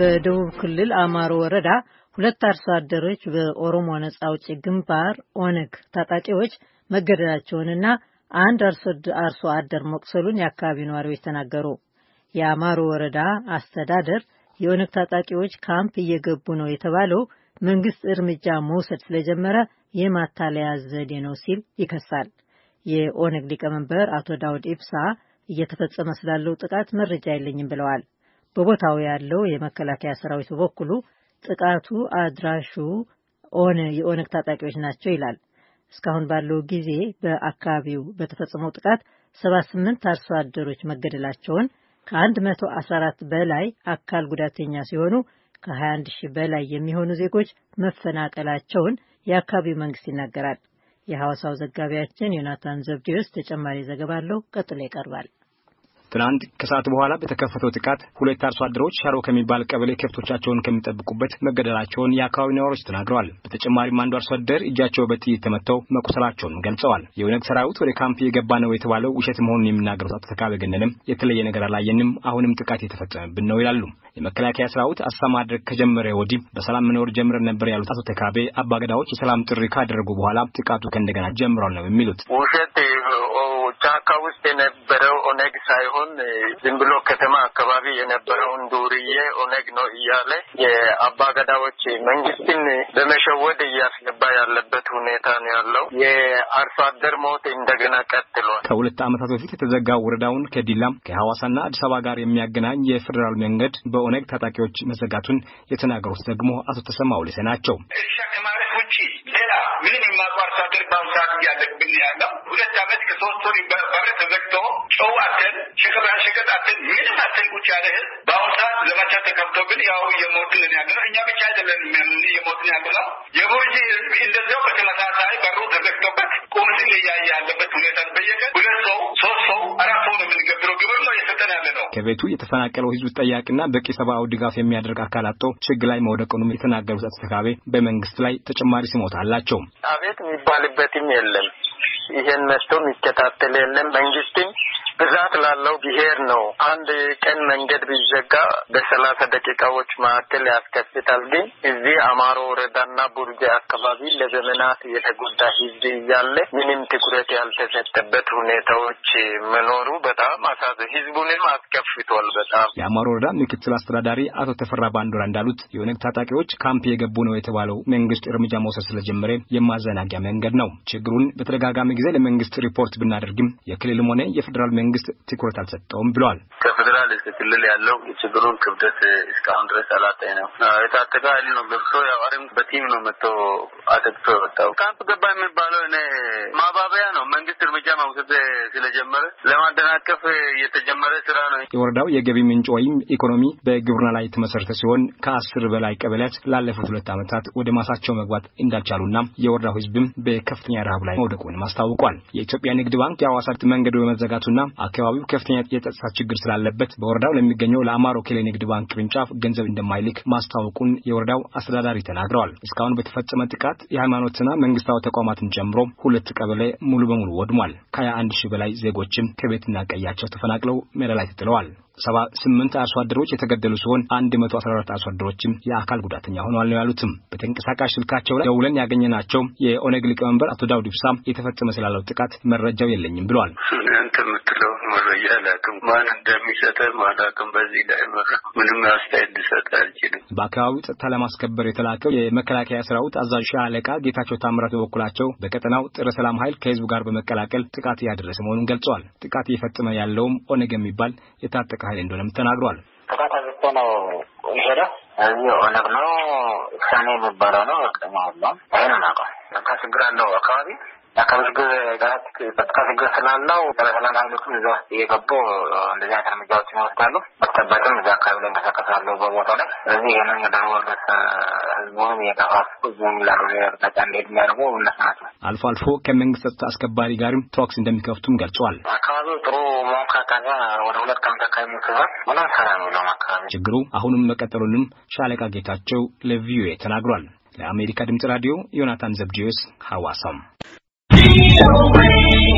በደቡብ ክልል አማሮ ወረዳ ሁለት አርሶ አደሮች በኦሮሞ ነጻ አውጪ ግንባር ኦነግ ታጣቂዎች መገደላቸውንና አንድ አርሶ አደር መቁሰሉን የአካባቢው ነዋሪዎች ተናገሩ። የአማሮ ወረዳ አስተዳደር የኦነግ ታጣቂዎች ካምፕ እየገቡ ነው የተባለው መንግስት እርምጃ መውሰድ ስለጀመረ የማታለያ ዘዴ ነው ሲል ይከሳል። የኦነግ ሊቀመንበር አቶ ዳውድ ኢብሳ እየተፈጸመ ስላለው ጥቃት መረጃ የለኝም ብለዋል። በቦታው ያለው የመከላከያ ሰራዊት በበኩሉ ጥቃቱ አድራሹ ኦነ የኦነግ ታጣቂዎች ናቸው ይላል። እስካሁን ባለው ጊዜ በአካባቢው በተፈጸመው ጥቃት 78 አርሶ አደሮች መገደላቸውን ከ114 በላይ አካል ጉዳተኛ ሲሆኑ ከ21 ሺህ በላይ የሚሆኑ ዜጎች መፈናቀላቸውን የአካባቢው መንግስት ይናገራል። የሐዋሳው ዘጋቢያችን ዮናታን ዘብዴዎስ ተጨማሪ ዘገባ አለው። ቀጥሎ ይቀርባል። ትናንት ከሰዓት በኋላ በተከፈተው ጥቃት ሁለት አርሶ አደሮች ሻሮ ከሚባል ቀበሌ ከብቶቻቸውን ከሚጠብቁበት መገደላቸውን የአካባቢ ነዋሪዎች ተናግረዋል። በተጨማሪም አንዱ አርሶ አደር እጃቸው በጥይት ተመተው መቁሰላቸውን ገልጸዋል። የኦነግ ሰራዊት ወደ ካምፕ የገባ ነው የተባለው ውሸት መሆኑን የሚናገሩት አቶ ተካበ ገነንም የተለየ ነገር አላየንም፣ አሁንም ጥቃት የተፈጸመብን ነው ይላሉ። የመከላከያ ሰራዊት አሳ ማድረግ ከጀመረ ወዲህ በሰላም መኖር ጀምረን ነበር ያሉት አቶ ተካቤ አባገዳዎች የሰላም ጥሪ ካደረጉ በኋላ ጥቃቱ ከእንደገና ጀምሯል ነው የሚሉት ውሸት ጫካ ውስጥ የነበረው ኦነግ ሳይሆን ዝም ብሎ ከተማ አካባቢ የነበረውን ዱርዬ ኦነግ ነው እያለ የአባ ገዳዎች መንግስትን በመሸወድ እያስገባ ያለበት ሁኔታ ነው ያለው። የአርሶ አደር ሞት እንደገና ቀጥሏል። ከሁለት ዓመታት በፊት የተዘጋው ወረዳውን ከዲላም ከሐዋሳና አዲስ አበባ ጋር የሚያገናኝ የፌዴራል መንገድ በኦነግ ታጣቂዎች መዘጋቱን የተናገሩት ደግሞ አቶ ተሰማ ውልሴ ናቸው። ምንም ሁለት ዓመት ከሶስት ወር በር ተዘግቶ ጨው አተን ሸቀጣ ሸቀጥ አተን ምንም አተን ቁጭ ያለ ህዝብ በአሁኑ ሰዓት ዘመቻ ግን ያው የሞትልን ያለ ነው። እኛ ብቻ አይደለን የሞትን ያለ ነው። የቦጂ ህዝብ እንደዚያው በተመሳሳይ በሩ ተዘግቶበት ቁምስል እያየ ያለበት ሁኔታ በየቀን ሁለት ሰው ሶስት ሰው አራት ሰው ነው የምንገብረው ግብር ነው እየሰጠን ያለ ነው። ከቤቱ የተፈናቀለው ህዝብ ጠያቂና በቂ ሰብአዊ ድጋፍ የሚያደርግ አካል አጥቶ ችግር ላይ መውደቁንም የተናገሩት አቶ ተካቤ በመንግስት ላይ ተጨማሪ ስሞታ አላቸው። አቤት የሚባልበትም የለም ይሄን መስቶ የሚከታተል የለም። መንግስትም ብዛት ላለው ብሄር ነው። አንድ ቀን መንገድ ቢዘጋ በሰላሳ ደቂቃዎች መካከል ያስከፍታል። ግን እዚህ አማሮ ወረዳና ቡርጅ አካባቢ ለዘመናት የተጎዳ ህዝብ እያለ ምንም ትኩረት ያልተሰጠበት ሁኔታዎች መኖሩ በጣም አሳዘ ህዝቡንም አስከፍቷል። በጣም የአማሮ ወረዳ ምክትል አስተዳዳሪ አቶ ተፈራ ባንዶራ እንዳሉት የኦነግ ታጣቂዎች ካምፕ የገቡ ነው የተባለው መንግስት እርምጃ መውሰድ ስለጀመረ የማዘናጊያ መንገድ ነው ችግሩን በተደጋ በተደጋጋሚ ጊዜ ለመንግስት ሪፖርት ብናደርግም የክልልም ሆነ የፌዴራል መንግስት ትኩረት አልሰጠውም ብለዋል። ከፌዴራል እስከ ክልል ያለው የችግሩን ክብደት እስካሁን ድረስ አላጣኝ ነው። የታጠቀ ኃይል ነው ገብቶ ያው በቲም ነው መጥቶ አጠቅቶ የወጣው። ካምፕ ገባ የሚባለው እኔ ማባበያ ነው። መንግስት እርምጃ መውሰድ ስለጀመረ ለማደናቀፍ የተጀመረ ስራ ነው። የወረዳው የገቢ ምንጭ ወይም ኢኮኖሚ በግብርና ላይ የተመሰረተ ሲሆን ከአስር በላይ ቀበሌያት ላለፉት ሁለት ዓመታት ወደ ማሳቸው መግባት እንዳልቻሉና የወረዳው ህዝብም በከፍተኛ ረሃብ ላይ መውደቁን አስታውቋል። የኢትዮጵያ ንግድ ባንክ የአዋሳ መንገድ በመዘጋቱና አካባቢው ከፍተኛ የጸጥታ ችግር ስላለበት በወረዳው ለሚገኘው ለአማሮ ኬሌ ንግድ ባንክ ቅርንጫፍ ገንዘብ እንደማይልክ ማስታወቁን የወረዳው አስተዳዳሪ ተናግረዋል። እስካሁን በተፈጸመ ጥቃት የሃይማኖትና መንግስታዊ ተቋማትን ጨምሮ ሁለት ቀበሌ ሙሉ በሙሉ ወድሟል። ከ21 ሺህ በላይ ዜጎችም ከቤትና ቀያቸው ተፈናቅለው ሜዳ ላይ ተጥለዋል። ሰባ ስምንት አርሶ አደሮች የተገደሉ ሲሆን አንድ መቶ አስራ አራት አርሶ አደሮችም የአካል ጉዳተኛ ሆኗል ነው ያሉትም። በተንቀሳቃሽ ስልካቸው ላይ ደውለን ያገኘናቸው የኦነግ ሊቀመንበር አቶ ዳውድ ኢብሳ የተፈጸመ ስላለው ጥቃት መረጃው የለኝም ብሏል። መረጃ አላውቅም። ማን እንደሚሰጠ ማላቅም በዚህ ላይ ምንም አስተያየት ልሰጥ አልችልም። በአካባቢው ጸጥታ ለማስከበር የተላከው የመከላከያ ሰራዊት አዛዥ ሻለቃ ጌታቸው ታምራት በበኩላቸው በቀጠናው ጥረ ሰላም ኃይል ከህዝቡ ጋር በመቀላቀል ጥቃት እያደረሰ መሆኑን ገልጸዋል። ጥቃት እየፈጸመ ያለውም ኦነግ የሚባል የታጠቀ ኃይል እንደሆነም ተናግሯል። ጥቃት አድርሶ ነው የሄደው እዚህ ኦነግ ነው ሳኔ የሚባለው ነው። ቀኛ ሁሉም ይህን ናቀ ችግር አለው አካባቢ የአካል ጋር የጸጥታ ችግር ስላለው በሰላም ኃይሎችም እዛ ውስጥ እየገቡ እንደዚህ አይነት እርምጃዎች ይወስዳሉ። በተጨባጭም እዛ አካባቢ ላይ እንቀሳቀሳለሁ በቦታው ላይ። ስለዚህ ይህንን ወደ ወደስ ህዝቡን እየቀፋፉ ህዝቡም ለአቅጣጫ እንደሄድ የሚያደርጉ እነሱ ናቸው። አልፎ አልፎ ከመንግስት ጸጥታ አስከባሪ ጋርም ተኩስ እንደሚከፍቱም ገልጸዋል። አካባቢው ጥሩ ወደ ሁለት ቀን አካባቢ ሞትዛል። ምንም ሰላም የለውም አካባቢ። ችግሩ አሁንም መቀጠሉንም ሻለቃ ጌታቸው ለቪኦኤ ተናግሯል። ለአሜሪካ ድምጽ ራዲዮ ዮናታን ዘብዲዮስ ሐዋሳም We'll be away.